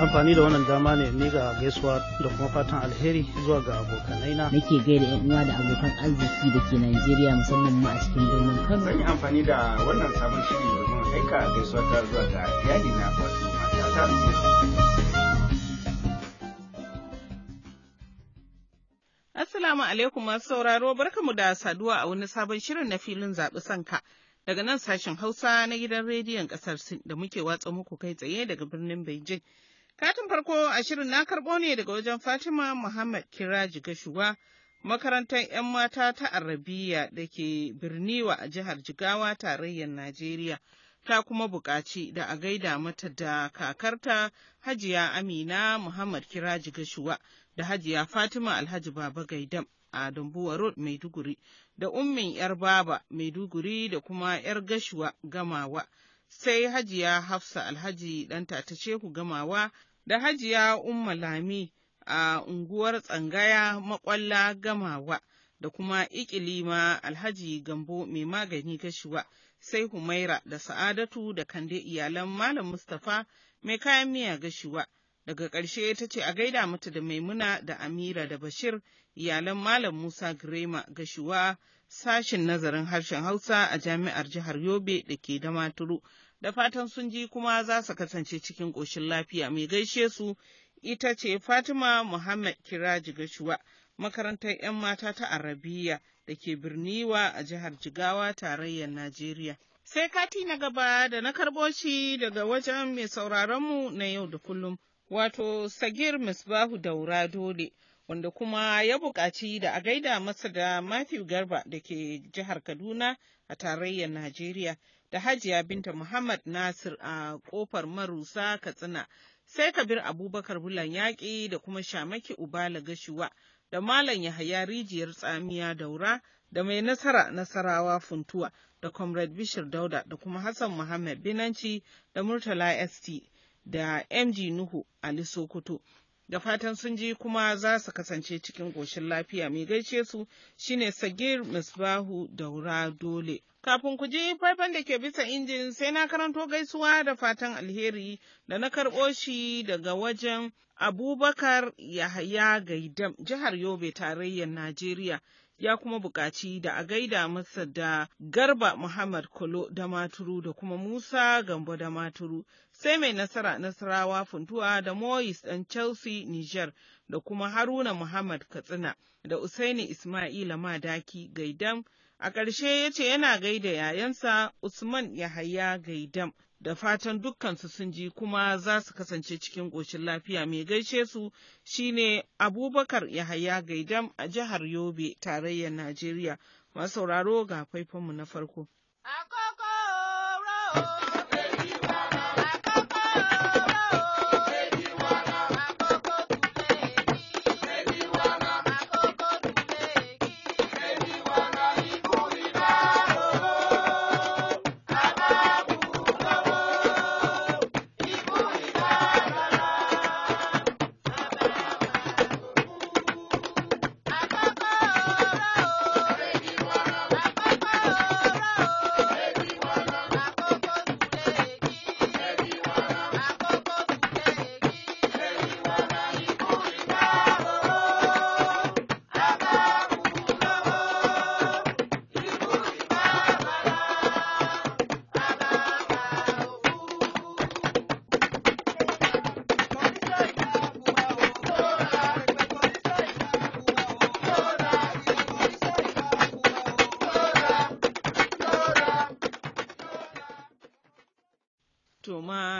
amfani da wannan dama ne ni ga gaisuwa da kuma fatan alheri zuwa ga abokanai na nake gaida yan uwa da abokan arziki da ke Najeriya musamman ma a cikin birnin Kano zan yi amfani da wannan sabon shiri domin aika gaisuwa ta zuwa ga iyali na wato matata Assalamu alaikum masu sauraro barkamu da saduwa a wani sabon shirin na filin zaɓi sanka daga nan sashen Hausa na gidan rediyon ƙasar Sin da muke watsa muku kai tsaye daga birnin Beijing. Katin farko a shirin na karɓo ne daga wajen Fatima Muhammad Kiraji Gashuwa, makarantar 'yan mata ta Arabiya da ke Birniwa a jihar Jigawa tarayyar Najeriya. Ta kuma buƙaci da a gaida mata da kakarta Hajiya Amina Muhammad Kiraji Gashuwa da Hajiya Fatima Alhaji Baba Gaidam a Dambuwa Road Maiduguri da ummin 'yar Baba Maiduguri da kuma 'yar Gashuwa Gamawa. sai hajiya Hafsa Alhaji ɗanta ta ce ku gamawa da hajiya Umma Lami a unguwar tsangaya makwalla gamawa da kuma ikilima Alhaji Gambo mai magani gashiwa. sai Humaira da Sa'adatu da kande iyalan Malam Mustapha mai kayan miya gashiwa. Daga ƙarshe ta ce a gaida mata da Maimuna da Amira da Bashir iyalan Malam Musa Girema gashiwa. sashin nazarin harshen Hausa a jami'ar jihar Yobe da ke da maturu. Da fatan sun ji kuma za su kasance cikin ƙoshin lafiya mai gaishe su ita ce Fatima Muhammad Kiraji Gashuwa, makarantar 'yan mata ta Arabiya da ke Birniwa a jihar Jigawa tarayyar Najeriya. Sai kati na gaba da na karɓo shi daga wajen mai sauraronmu na yau da kullum, wato Sagir Misbahu Daura Dole. wanda kuma ya buƙaci da a gaida masa da Matthew Garba da ke jihar Kaduna a tarayyar Najeriya da Hajiya Binta Muhammad Nasir a ƙofar Marusa Katsina. Sai Kabir Abubakar Bulan Yaƙi da kuma Shamaki Ubala Gashuwa da Malam Yahaya Rijiyar Tsamiya Daura da Mai Nasara Nasarawa Funtuwa da Comrade Bishir Dauda da kuma Hassan Muhammad Binanci da Murtala ST da MG Nuhu Ali Sokoto. da fatan sun ji kuma za su kasance cikin goshin lafiya mai gaishe su shine sagir misbahu daura dole kafin ku ji faifan da ke bisa injin sai na karanto gaisuwa da fatan alheri da na karɓo shi daga wajen abubakar yahaya gaidam jihar yobe tarayyar najeriya ya kuma buƙaci da a gaida masa da Garba Muhammad Kolo da Maturu da kuma Musa Gambo da Maturu, sai mai nasara Nasarawa Funtuwa da Moyes ɗan Chelsea Niger da kuma Haruna Muhammad Katsina da Usaini Ismaila Madaki Gaidam. A ƙarshe ya ce yana gaida yayansa Usman Yahaya Gaidam. da fatan dukkansu sun ji kuma za su kasance cikin ƙoshin lafiya mai gaishe su shine abubakar yahaya gaidam a jihar yobe tarayyar najeriya masu sauraro ga faifanmu na farko.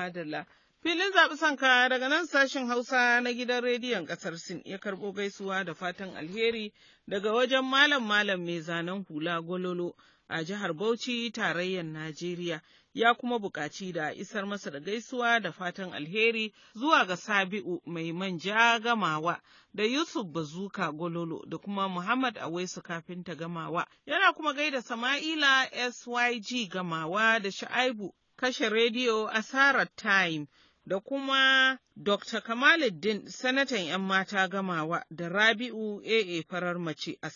madalla. Filin zaɓi sanka daga nan sashen Hausa na gidan rediyon ƙasar Sin ya karɓo gaisuwa da fatan alheri daga wajen malam malam mai zanen hula gololo a jihar Bauchi tarayyar Najeriya. Ya kuma buƙaci da isar masa da gaisuwa da fatan alheri zuwa ga Sabi'u mai manja gamawa da Yusuf Bazuka Gololo da kuma Muhammad Awaisu kafinta gamawa. Yana kuma gaida Sama'ila SYG gamawa da Sha'aibu kashe rediyo Asarar Sarat Time da kuma Dr. Kamaluddin sanatan 'yan mata gamawa da Rabi'u AA farar mace a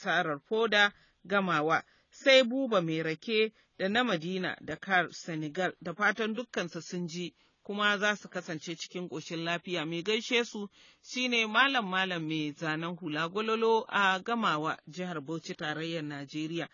Foda gamawa sai Buba mai rake da na Madina da Kar Senegal da fatan dukkansa sun ji kuma za su kasance cikin ƙoshin lafiya mai gaishe su shine malam malam mai zanen hula gololo a gamawa jihar Bauchi tarayyar Najeriya.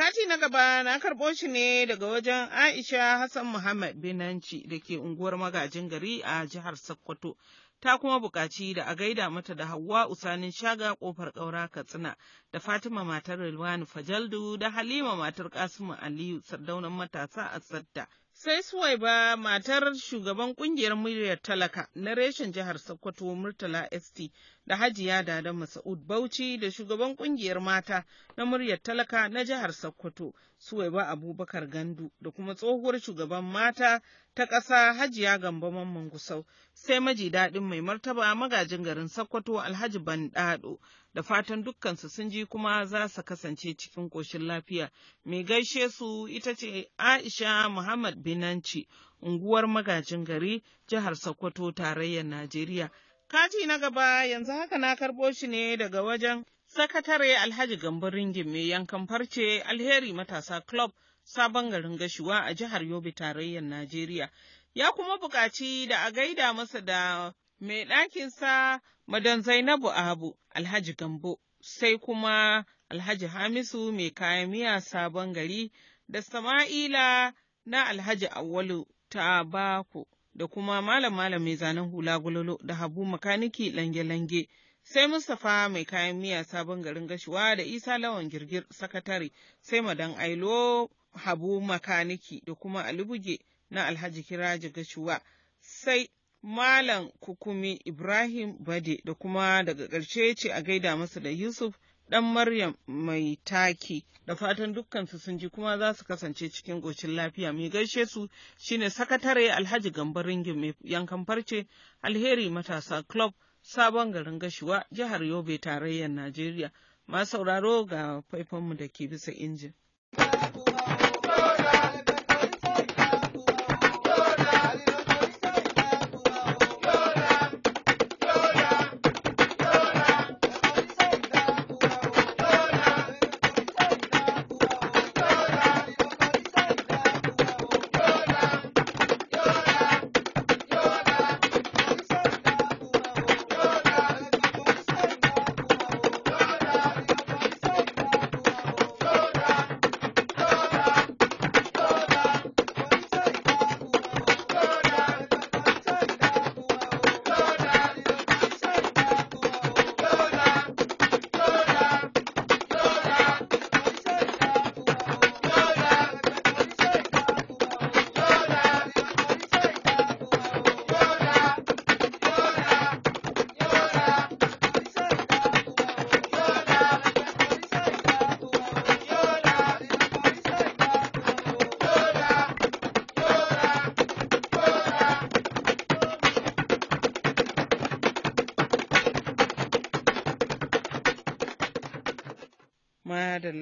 Kati na gaba na karɓo shi ne daga wajen Aisha Hassan Muhammad Binanci da ke unguwar magajin gari a jihar Sokoto. Ta kuma buƙaci da a gaida mata da Hauwa Usanin Shaga ƙofar ƙaura Katsina da Fatima matar Rilwani Fajaldu da Halima matar Kasimu Aliyu sardaunan matasa a Sadda Sai Suwaiba matar shugaban ƙungiyar muryar talaka na reshen jihar Sokoto Murtala ST da Hajiya Dada Masa'ud Bauchi da shugaban ƙungiyar mata na muryar talaka na jihar Sokoto Suwaiba Abubakar Gandu da kuma tsohuwar shugaban mata ta ƙasa Hajiya Gambo Mamman Gusau sai maji daɗin mai martaba magajin garin Sokoto Alhaji Bandado da fatan dukkansu sun ji kuma za su kasance cikin ƙoshin lafiya. Mai gaishe su ita ce Aisha Muhammad Binanci unguwar magajin gari jihar Sokoto tarayyar Najeriya. Kati na gaba yanzu haka na karɓo shi ne daga wajen Sakatare Alhaji Gambo Ringin mai yankan farce Alheri Matasa Club sabon garin gashuwa a jihar Yobe tarayyar Najeriya. Ya kuma buƙaci da a gaida masa da mai ɗakinsa Madan Zainabu Abu Alhaji Gambo sai kuma Alhaji Hamisu mai kayan miya sabon gari da Sama'ila na Alhaji Awalu ta Bako da kuma malam malam mai zanen hula gulolo da Habu makaniki lange-lange. sai Mustapha mai kayan miya sabon garin gashuwa da Isa Lawan girgir sakatare sai madan Ailo Habu makaniki da kuma Alibuge na Alhaji Kiraji gashuwa sai Malam Kukumi Ibrahim Bade da kuma daga ƙarshe ce a gaida masa da Yusuf ɗan Maryam mai taki da fatan dukkansu sun ji kuma za su kasance cikin gocin lafiya mai gaishe su shine sakatare Alhaji gambarin mai yankan farce alheri matasa club sabon garin gashuwa jihar Yobe tarayyar Najeriya. ma sauraro ga faifanmu da ke bisa injin.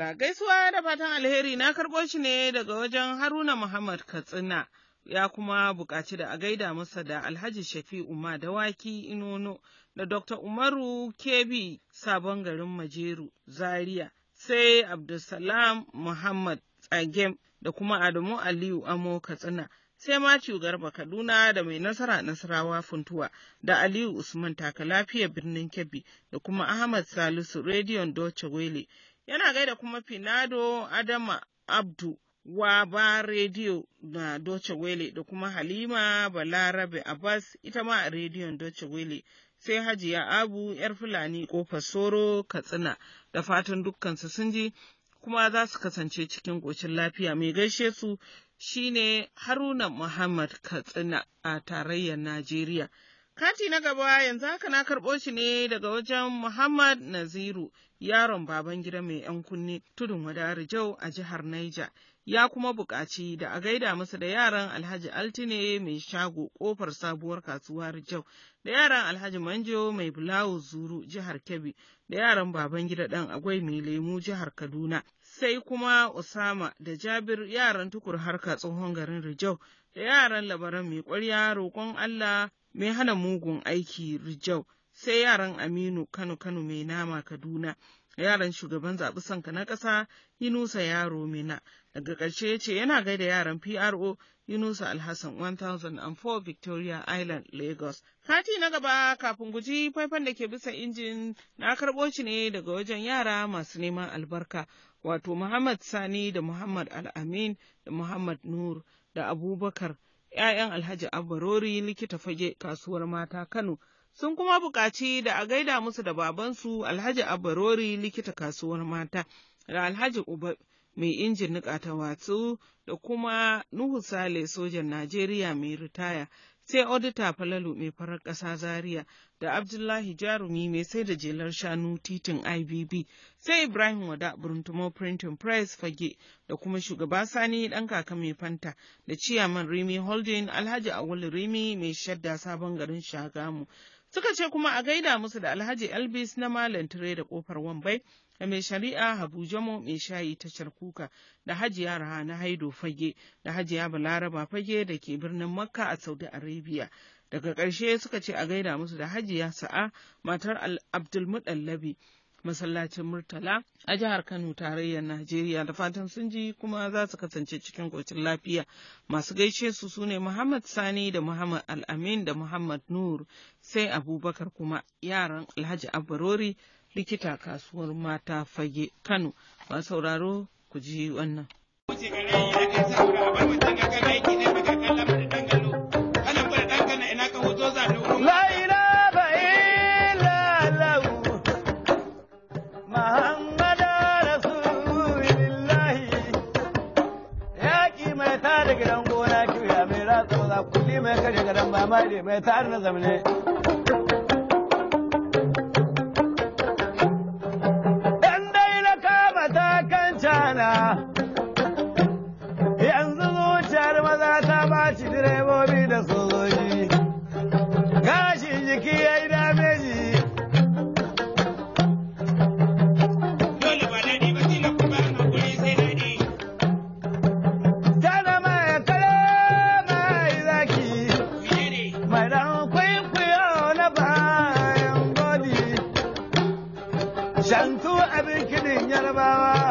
Allah. gaisuwa da fatan alheri na karɓo shi ne daga wajen Haruna Muhammad Katsina. Ya kuma buƙaci da a gaida masa da Alhaji Shafi'u dawaki Inono da Dr. Umaru Kebi Sabon Garin Majeru Zaria sai Abdulsalam Muhammad Tsagem da kuma Adamu Aliyu Amo Katsina. sai Matthew Garba Kaduna da mai nasara Nasarawa Funtuwa da Aliyu Usman Takalafiya birnin Kebbi da kuma Ahmad Salisu Rediyon Doce Wele yana gaida kuma Finado Adama Abdu wa ba rediyo na Doce Wele da kuma Halima Balarabe Abbas ita ma a rediyon Doce Wele. Sai Hajiya Abu ‘yar Fulani ƙofar Soro Katsina da fatan dukkansu sun ji kuma za su kasance cikin gocin lafiya mai gaishe su shine Haruna Muhammad Katsina a tarayyar Najeriya. Kati na gaba yanzu haka na karɓo shi ne daga wajen Muhammad Naziru, yaron baban gida mai ‘yan kunne tudun wada jau a jihar Naija. Ya kuma buƙaci da a gaida masa da yaran Alhaji Altine mai shago ƙofar sabuwar kasuwa jau, da yaran Alhaji Manjo mai bulawu zuru jihar Kebbi, da yaran baban gida ɗan agwai mai lemu jihar Kaduna. Sai kuma Usama da Jabir yaran tukur harka tsohon garin Rijau da yaran labaran mai ƙwarya roƙon Allah mai hana mugun aiki rijau sai yaran aminu kano kano mai nama kaduna yaran shugaban zaɓi sanka na ƙasa yinusa yaro mina daga ƙarshe ya ce yana gaida yaran pro yinusa alhassan 1004 victoria island lagos kati na gaba kafin guji faifan da ke bisa injin na karɓo shi ne daga wajen yara masu neman albarka wato muhammad sani da muhammad al'amin da muhammad nur da abubakar 'ya'yan Alhaji abarori likita fage kasuwar mata Kano sun kuma buƙaci da a gaida musu da babansu Alhaji abarori likita kasuwar mata da Alhaji Uba mai injin niƙa ta watsu da kuma Nuhu Sale sojan Najeriya mai ritaya sai odita falalu mai farar ƙasa zaria da abdullahi jarumi mai sai da jelar shanu titin ibb sai ibrahim wada buruntumo printing press fage da kuma shugaba sani ɗan kaka mai fanta da ciyaman rimi holding alhaji awul rimi mai shadda sabon garin shagamu Suka ce kuma a gaida musu da Alhaji Elvis na Malam Tire da Kofar Wambai da mai shari'a Habu Jamo mai shayi tashar kuka da Hajiya Raha na Haido Fage da Hajiya Balaraba Fage da ke birnin Makka a Saudi Arabia. Daga ƙarshe suka ce a gaida musu da Hajiya Sa'a matar Abdulmuɗallabi masallacin Murtala a jihar Kano tarayyar Najeriya da fatan sun ji kuma za su kasance cikin kocin lafiya. Masu gaishe su sune Muhammad Sani da Muhammad Al-Amin da Muhammad Nur sai Abubakar kuma yaran Alhaji Abbarori likita kasuwar mata fage Kano. Masu sauraro ku ji wannan. تعرف زمنه বাবা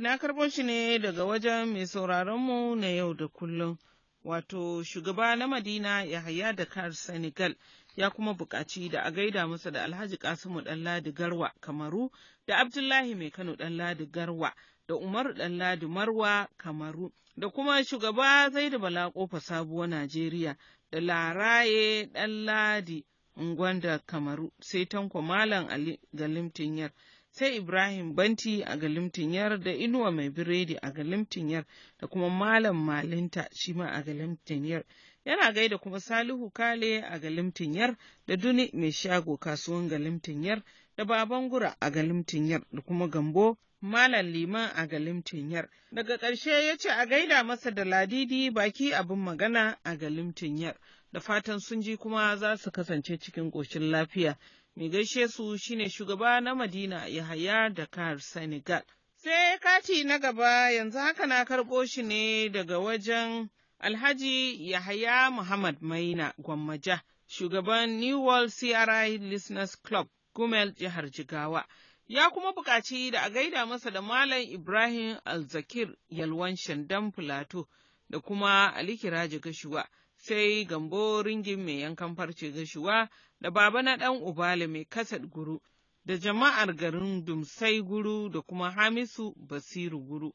na karɓo shi ne daga wajen mai sauraronmu na yau da kullum, wato shugaba na Madina Yahaya da kar Senegal ya kuma buƙaci da a gaida masa da Alhaji Kasimu Ɗanladi Garwa Kamaru da Abdullahi Mai Kano Ɗanladi Garwa da Umaru Ɗanladi Marwa Kamaru da kuma shugaba Zaidu Bala Kofa Sabuwa Najeriya da Laraye Ɗanladi Ngwanda Kamaru sai Tanko Malam Ali Galimtinyar. sai Ibrahim Banti a Galimtinyar da Inuwa Mai Biredi a Galimtinyar da kuma Malam Malinta shi ma a Galimtinyar. Yana gaida kuma Salihu Kale a Galimtinyar da Duni Mai Shago kasuwan Galimtinyar da Babangura a Galimtinyar da kuma Gambo Malam Liman a Galimtinyar. Daga ƙarshe ya ce a gaida masa da Ladidi baki abin magana a Galimtinyar. Da fatan sun ji kuma za su kasance cikin ƙoshin lafiya. Mai gaishe su shine shugaba na Madina Yahaya kar Senegal. Sai kati na gaba yanzu haka na karɓo shi ne daga wajen Alhaji Yahaya Muhammad Maina Gwammaja, shugaban New World CRI Listeners Club, Gumel Jihar Jigawa. Ya kuma buƙaci da a gaida masa da Malam Ibrahim Alzakir Yalwan Shandan Filato da kuma Ali Kiraji Gashuwa. sai gambo ringin mai yankan farce gashuwa da baba na ɗan ubali mai kasad guru da jama'ar garin dumsai guru da kuma hamisu basiru guru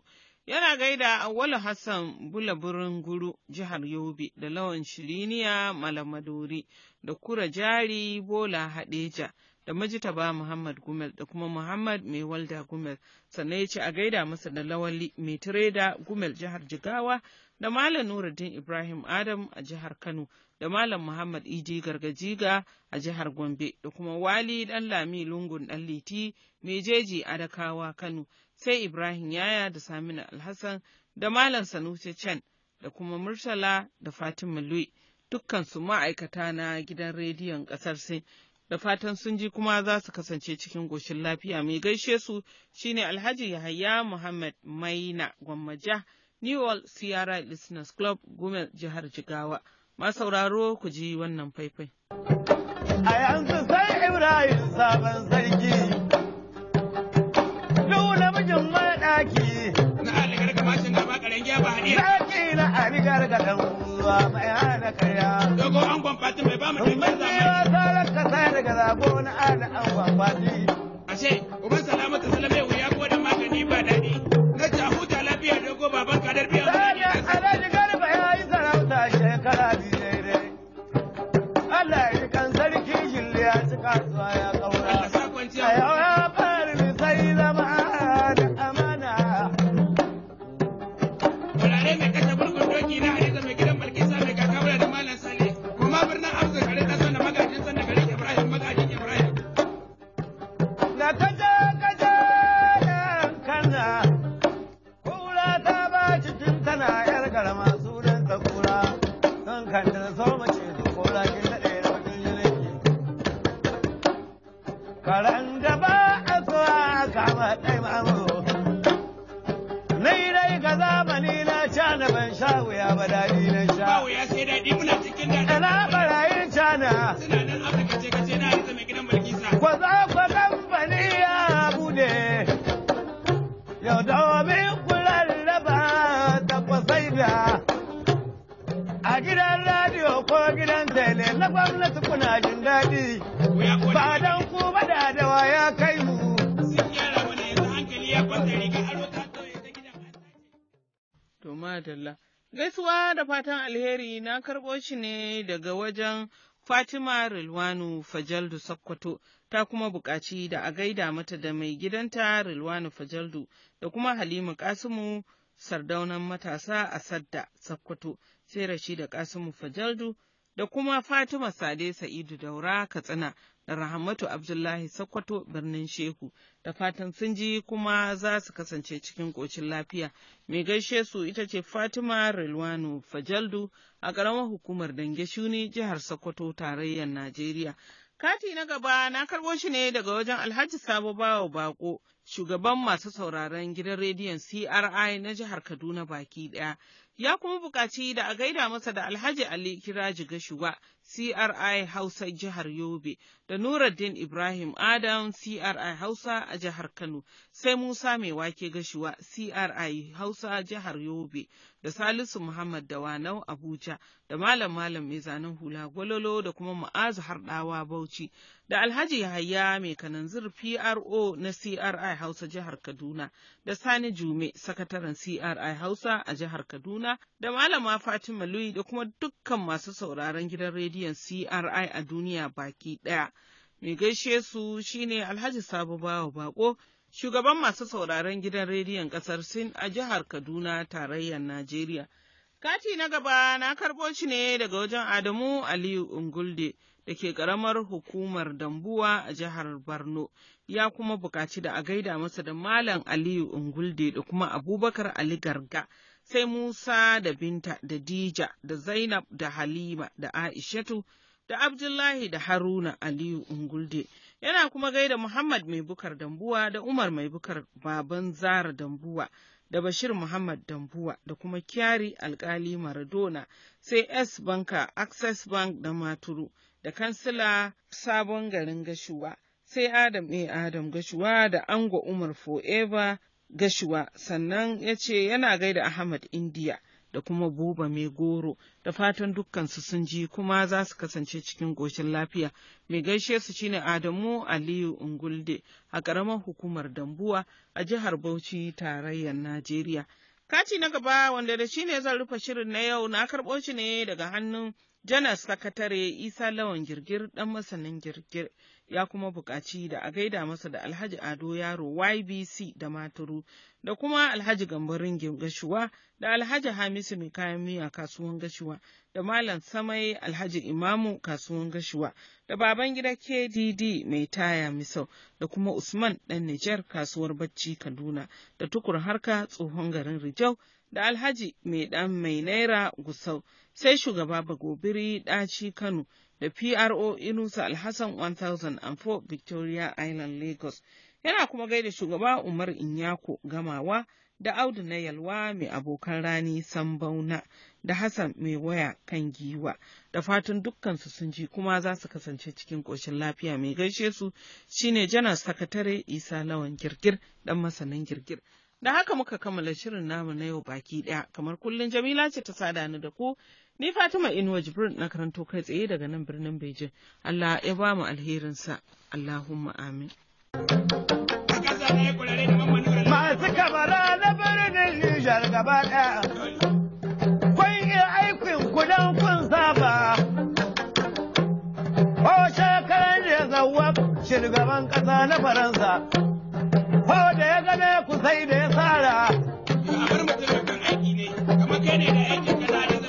yana gaida awwalu hassan bulaburin guru jihar yobe da lawan shiriniya malamadori da kura jari bola hadeja da ba Muhammad Gumel da kuma Muhammad Mai Walda Gumel sannan ya ce a gaida masa da Lawali Mai Tireda Gumel jihar Jigawa da Malam Nuruddin Ibrahim Adam a jihar Kano da Malam Muhammad Idi Gargajiga a jihar Gombe da kuma Wali Dan Lami Lungun Dan Liti Mai Jeji Adakawa Kano sai Ibrahim Yaya da Saminu Alhassan da Malam Sanusi Chan da kuma Murtala da Fatima Lui dukkan su ma'aikata na gidan rediyon ƙasar Sin. da fatan sun ji kuma za su kasance cikin goshin lafiya mai gaishe su shine alhaji yahaya muhammad maina gwammaja new world sierra listeners club gumel jihar jigawa ma sauraro ku ji wannan faifai a yanzu sai ibrahim sabon sarki dole mijin maɗaki na gari gargaɗan uwa mai hana kaya. Dogo an gwamfati mai ba mu dukkan zamani. Mun yi wasa ranka daga zabo na ana an gwamfati. Ashe, uban Karan da ba a zuwa a kama ɗai mamu. Nai dai ga zamani na cana ban sha wuya ba daɗi na sha. Ba wuya sai daɗi muna cikin daɗi. Ana barayin cana. Suna nan Afirka ce kace na harita mai gidan Bilkisa. Ko za ku kamfani ya bude. Yau domin kurar raba ta kwasai da. A gidan radio ko gidan tele na gwamnati. madalla. Gaisuwa da fatan alheri na karɓo shi ne daga wajen Fatima Rilwanu Fajaldu Sakkwato ta kuma buƙaci da a gaida mata da mai gidanta Rilwanu Fajaldu da kuma Halima Kasimu sardaunan matasa a Sadda Sakkwato sai da Kasimu Fajaldu da kuma Fatima Sade Sa'idu Daura Katsina da Rahmatu Abdullahi Sokoto birnin Shehu. Da fatan sun ji kuma za su kasance cikin ƙocin lafiya. Mai gaishe su ita ce Fatima Rilwanu Fajaldu a ƙaramar hukumar Dange jihar Sokoto tarayyar Najeriya. Kati na gaba na karɓo shi ne daga wajen Alhaji Sabo Bawa Bako, shugaban masu sauraron gidan rediyon CRI na jihar Kaduna baki ɗaya. Ya kuma buƙaci da a gaida masa da Alhaji Ali Kiraji Gashuwa, CRI Hausa jihar Yobe da Nuruddin Ibrahim Adam CRI Hausa a jihar Kano sai Musa mai wake gashuwa CRI Hausa jihar Yobe da Salisu Muhammad da Wanau Abuja da Malam Malam mai zanen hula gwalolo da kuma Ma'azu Harɗawa Bauchi da Alhaji Yahaya mai kananzir PRO na CRI Hausa jihar Kaduna da Sani Jume sakataren CRI Hausa a jihar Kaduna da Malama Fatima Lui da kuma dukkan masu sauraron gidan rediyon CRI a duniya baki ɗaya. Mai gaishe su shine Alhaji Sabo Bawa Bako, shugaban masu sauraron gidan rediyon ƙasar Sin a jihar Kaduna tarayyar Najeriya. Kati na gaba na karɓo shi ne daga wajen Adamu Aliyu Ungulde. da ke ƙaramar hukumar Dambuwa a jihar Borno ya kuma buƙaci da a gaida masa da Malam Aliyu Ungulde da kuma Abubakar Ali Garga. Sai Musa da Binta da Dija da Zainab da Halima da Aishatu da Abdullahi da Haruna Aliyu Ungulde. Yana kuma gaida Muhammad Mai Bukar Dambuwa da Umar Mai Bukar Baban Zara Dambuwa. da Bashir Muhammad Dambuwa da kuma Kyari Alkali Maradona sai S Banka Access Bank da Maturu da kansila sabon garin gashuwa sai adam ne eh, adam gashuwa da Angwa umar forever gashuwa sannan ya ce yana gaida ahmad india da kuma buba mai goro da fatan dukkansu sun ji kuma za su kasance cikin goshin lafiya mai gaishe su shine adamu aliyu ungulde a ƙaramar hukumar dambuwa a jihar bauchi tarayyar najeriya Kati na gaba wanda da shi ne zan rufe shirin na yau na karɓo shi ne daga hannun janar sakatare isa lawan girgir ɗan masanin girgir ya kuma buƙaci da a gaida masa da alhaji ado yaro ybc da maturu da kuma alhaji gambarin gashuwa da alhaji hamisu mai kayan miya kasuwan gashuwa da malam samai alhaji imamu kasuwan gashuwa da baban gida kdd mai taya misau da kuma usman dan nijar kasuwar bacci kaduna da tukur harka tsohon garin rijau da Alhaji mai ɗan mai naira Gusau, sai shugaba Bagobiri ɗaci Kano da PRO Inusa Alhassan 1004 Victoria Island Lagos. Yana kuma gaida shugaba Umar Inyako Gamawa da Audu na Yalwa mai abokan rani Sambauna da Hassan mai waya kan giwa da fatan dukkansu sun ji kuma za su kasance cikin koshin lafiya mai gaishe su shine janar sakatare Isa Lawan Girgir dan masanin girgir. Da haka muka kammala shirin namu na yau baki ɗaya, kamar kullum Jamila ce ta sada ni da ku, ni Fatima Inuwa Jibrin na karanto kai tsaye daga nan birnin Bejin. Allah ya ba mu alherinsa, Allahumma amin. Masu na birnin Nijar gaba kun yi aikin kudan kun saba, o da shugaban ƙasa na Faransa. ko da ya gane ku sai da ya tsara. Kamar mutum aiki ne, kamar kai ne da aikin kana da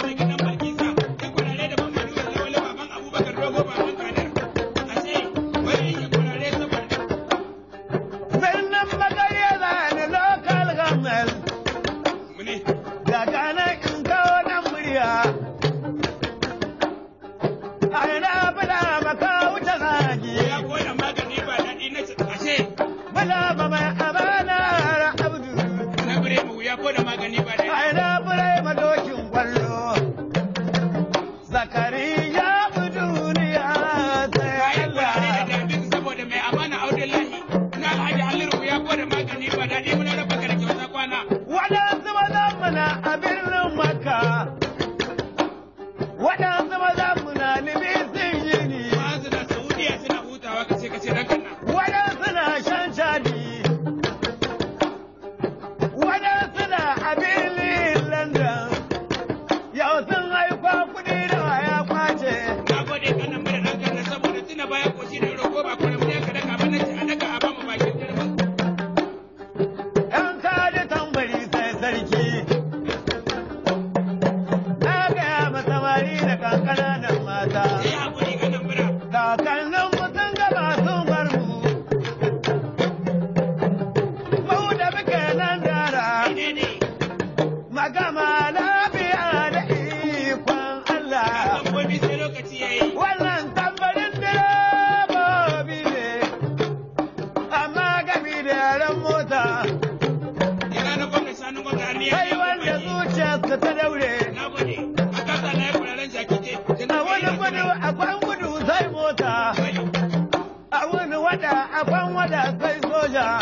soja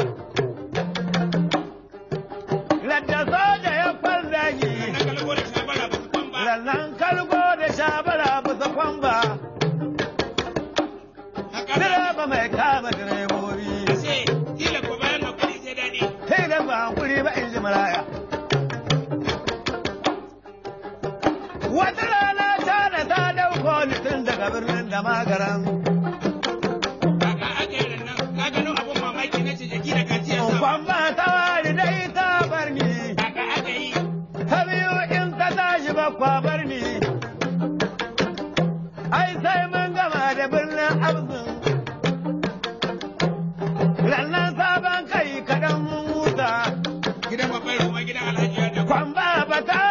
soja ya fardaji lallan kalgo da shabara bisa kwamba mai direbobi tila maraya wata rana ta da ta dauko litin daga birnin da magaran I'm bamba bata